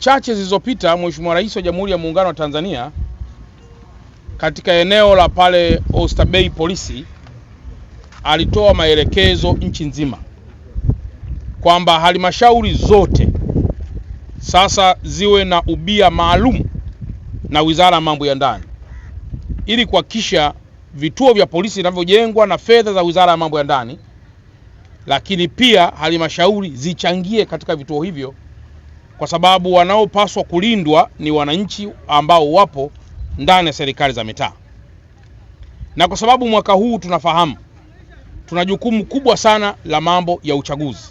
chache zilizopita Mheshimiwa Rais wa Jamhuri ya Muungano wa Tanzania katika eneo la pale Oyster Bay polisi alitoa maelekezo nchi nzima kwamba halmashauri zote sasa ziwe na ubia maalum na Wizara ya Mambo ya Ndani ili kuhakikisha vituo vya polisi vinavyojengwa na fedha za Wizara ya Mambo ya Ndani, lakini pia halmashauri zichangie katika vituo hivyo kwa sababu wanaopaswa kulindwa ni wananchi ambao wapo ndani ya serikali za mitaa, na kwa sababu mwaka huu tunafahamu tuna jukumu kubwa sana la mambo ya uchaguzi,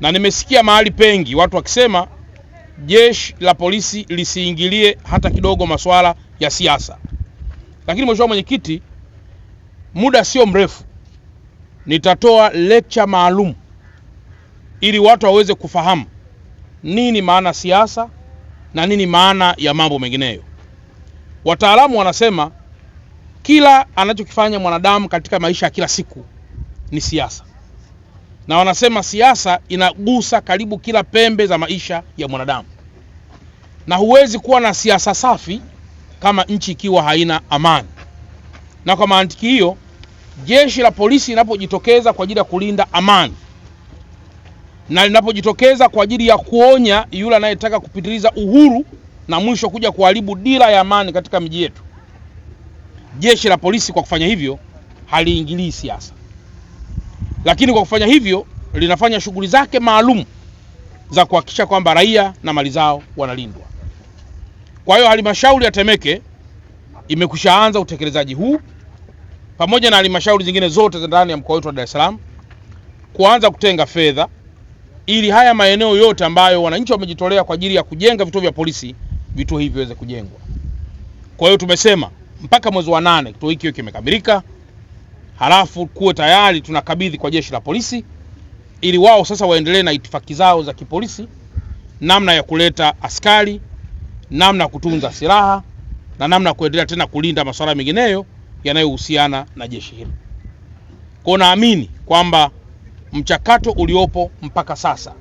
na nimesikia mahali pengi watu wakisema jeshi la polisi lisiingilie hata kidogo masuala ya siasa, lakini mheshimiwa mwenyekiti, muda sio mrefu nitatoa lecture maalum ili watu waweze kufahamu nini maana siasa na nini maana ya mambo mengineyo. Wataalamu wanasema kila anachokifanya mwanadamu katika maisha ya kila siku ni siasa, na wanasema siasa inagusa karibu kila pembe za maisha ya mwanadamu, na huwezi kuwa na siasa safi kama nchi ikiwa haina amani. Na kwa mantiki hiyo, jeshi la polisi linapojitokeza kwa ajili ya kulinda amani na linapojitokeza kwa ajili ya kuonya yule anayetaka kupitiliza uhuru na mwisho kuja kuharibu dira ya amani katika miji yetu. Jeshi la polisi kwa kufanya hivyo haliingilii siasa, lakini kwa kufanya hivyo linafanya shughuli zake maalum za kuhakikisha kwamba raia na mali zao wanalindwa. Kwa hiyo halmashauri ya Temeke imekushaanza utekelezaji huu pamoja na halmashauri zingine zote za ndani ya mkoa wetu wa Dar es Salaam kuanza kutenga fedha ili haya maeneo yote ambayo wananchi wamejitolea kwa ajili ya kujenga vituo vya polisi, vituo hivi viweze kujengwa. Kwa hiyo tumesema mpaka mwezi wa nane kituo hiki kimekamilika, halafu kuwe tayari tunakabidhi kwa jeshi la polisi ili wao sasa waendelee na itifaki zao za kipolisi, namna ya kuleta askari, namna ya kutunza silaha na namna ya kuendelea tena kulinda masuala mengineyo yanayohusiana na jeshi hili Kwa naamini kwamba mchakato uliopo mpaka sasa.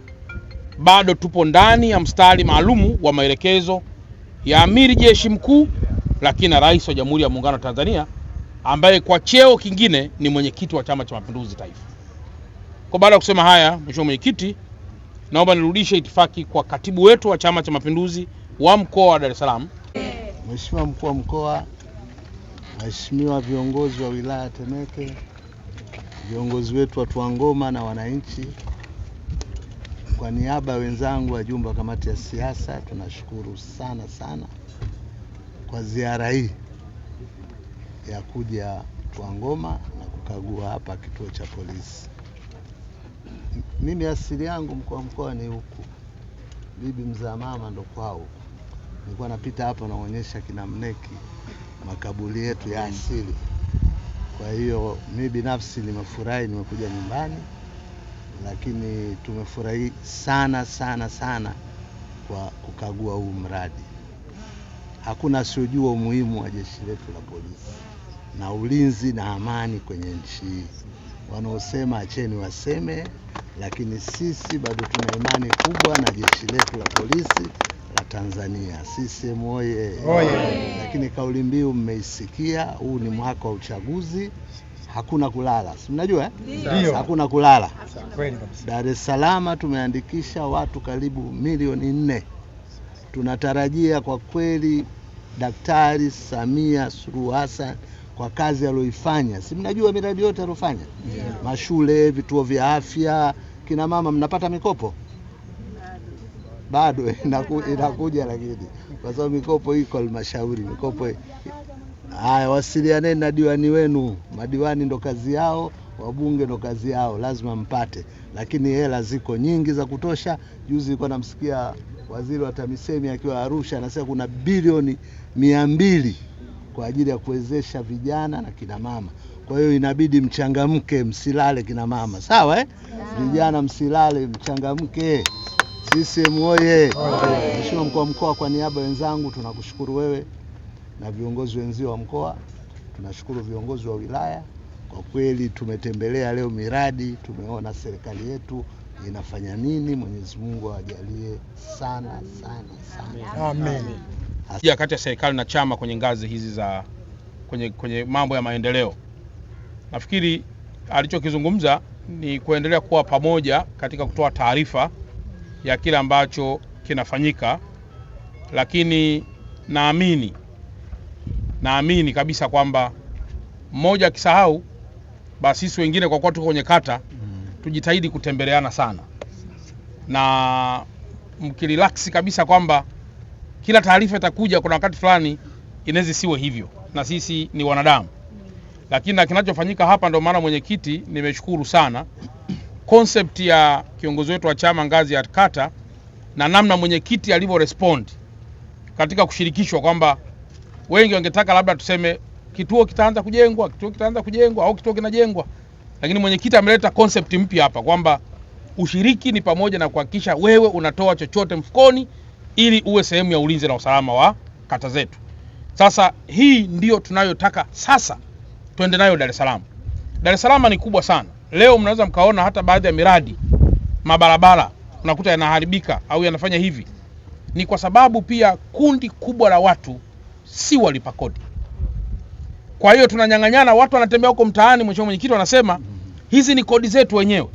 Bado tupo ndani ya mstari maalum wa maelekezo ya amiri jeshi mkuu, lakini na rais wa Jamhuri ya Muungano wa Tanzania ambaye kwa cheo kingine ni mwenyekiti wa Chama cha Mapinduzi Taifa. Kwa baada ya kusema haya, Mheshimiwa Mwenyekiti, naomba nirudishe itifaki kwa katibu wetu wa Chama cha Mapinduzi wa mkoa wa Dar es Salaam. Mheshimiwa mkuu wa mkoa, waheshimiwa viongozi wa wilaya Temeke viongozi wetu watu wa Ngoma na wananchi, kwa niaba ya wenzangu wa jumba kamati ya siasa, tunashukuru sana sana kwa ziara hii ya kuja Tua Ngoma na kukagua hapa kituo cha polisi. Mimi asili yangu mkoa mkoa ni huku, bibi mzaa mama ndo kwao. Nilikuwa napita hapa naonyesha kina Mneki makaburi yetu ya asili. Kwa hiyo mi binafsi nimefurahi, nimekuja nyumbani, lakini tumefurahi sana sana sana kwa kukagua huu mradi. Hakuna asiojua umuhimu wa jeshi letu la polisi na ulinzi na amani kwenye nchi hii. Wanaosema acheni waseme, lakini sisi bado tuna imani kubwa na jeshi letu la polisi. Watanzania. CCM oye! Lakini kauli mbiu mmeisikia, huu ni mwaka wa uchaguzi, hakuna kulala, si mnajua eh? Hakuna kulala. Dar es Salaam tumeandikisha watu karibu milioni nne. Tunatarajia kwa kweli Daktari Samia Suluhu Hassan kwa kazi aliyoifanya, si mnajua miradi yote aliyofanya, yeah. Mashule, vituo vya afya, kina mama mnapata mikopo bado inakuja, lakini kwa sababu mikopo iko halmashauri, mikopo haya, wasilianeni na diwani wenu. Madiwani ndo kazi yao, wabunge ndo kazi yao, lazima mpate, lakini hela ziko nyingi za kutosha. Juzi nilikuwa namsikia waziri wa TAMISEMI akiwa Arusha anasema kuna bilioni mia mbili kwa ajili ya kuwezesha vijana na kina mama. Kwa hiyo inabidi mchangamke, msilale kina mama, sawa eh? Vijana msilale, mchangamke. CCM oye! Mheshimiwa mkuu wa mkoa, kwa niaba wenzangu tunakushukuru wewe na viongozi wenzio wa mkoa, tunashukuru viongozi wa wilaya. Kwa kweli tumetembelea leo miradi, tumeona serikali yetu inafanya nini. Mwenyezi Mungu awajalie sana sana sana. Amen. Amen. Kati ya serikali na chama kwenye ngazi hizi za kwenye, kwenye mambo ya maendeleo, nafikiri alichokizungumza ni kuendelea kuwa pamoja katika kutoa taarifa ya kile ambacho kinafanyika, lakini naamini naamini kabisa kwamba mmoja akisahau basi sisi wengine kwa kuwa tuko kwenye kata mm. tujitahidi kutembeleana sana, na mkirelaksi kabisa kwamba kila taarifa itakuja, kuna wakati fulani inaweza siwe hivyo, na sisi ni wanadamu. Lakini na kinachofanyika hapa, ndio maana mwenyekiti, nimeshukuru sana concept ya kiongozi wetu wa chama ngazi ya kata na namna mwenyekiti alivyo respond katika kushirikishwa, kwamba wengi wangetaka labda tuseme kituo kitaanza kujengwa, kituo kitaanza kujengwa au kituo kinajengwa, lakini mwenyekiti ameleta concept mpya hapa kwamba ushiriki ni pamoja na kuhakikisha wewe unatoa chochote mfukoni ili uwe sehemu ya ulinzi na usalama wa kata zetu. Sasa hii ndiyo tunayotaka sasa tuende nayo Dar es Salaam. Dar es Salaam ni kubwa sana Leo mnaweza mkaona hata baadhi ya miradi mabarabara unakuta yanaharibika au yanafanya hivi, ni kwa sababu pia kundi kubwa la watu si walipa kodi. Kwa hiyo tunanyang'anyana, watu wanatembea huko mtaani. Mheshimiwa Mwenyekiti, wanasema hizi ni kodi zetu wenyewe,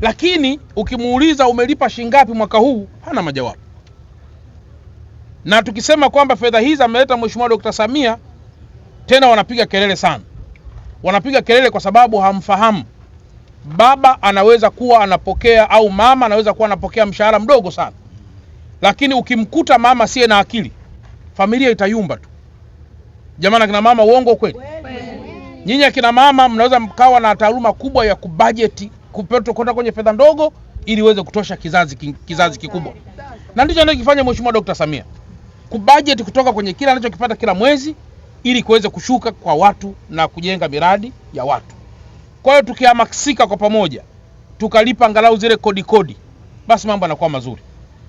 lakini ukimuuliza umelipa shingapi mwaka huu, hana majawabu. Na tukisema kwamba fedha hizi ameleta Mheshimiwa dokta Samia, tena wanapiga kelele sana, wanapiga kelele kwa sababu hamfahamu baba anaweza kuwa anapokea au mama anaweza kuwa anapokea mshahara mdogo sana, lakini ukimkuta mama siye na akili, familia itayumba tu. Jamani akina mama, uongo kweli? Nyinyi akina mama mnaweza mkawa na taaluma kubwa ya kubajeti kupeto kwenda kwenye fedha ndogo ili iweze kutosha kizazi, kizazi kikubwa, na ndicho anachokifanya Mheshimiwa Dkt. Samia kubajeti kutoka kwenye kile anachokipata kila mwezi ili kuweze kushuka kwa watu na kujenga miradi ya watu. Kwa hiyo tukihamasika kwa pamoja tukalipa angalau zile kodi kodi, basi mambo yanakuwa mazuri,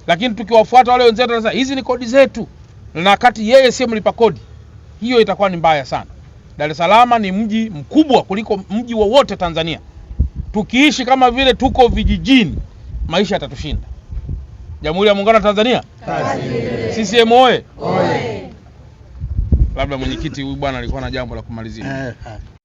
lakini tukiwafuata wale wenzetu sasa, hizi ni kodi zetu, na wakati yeye si mlipa kodi, hiyo itakuwa ni mbaya sana. Dar es Salaam ni mji mkubwa kuliko mji wowote Tanzania. Tukiishi kama vile tuko vijijini, maisha yatatushinda. Jamhuri ya Muungano wa Tanzania, CCM oye! Labda mwenyekiti huyu bwana alikuwa na jambo la kumalizia. Eh, eh.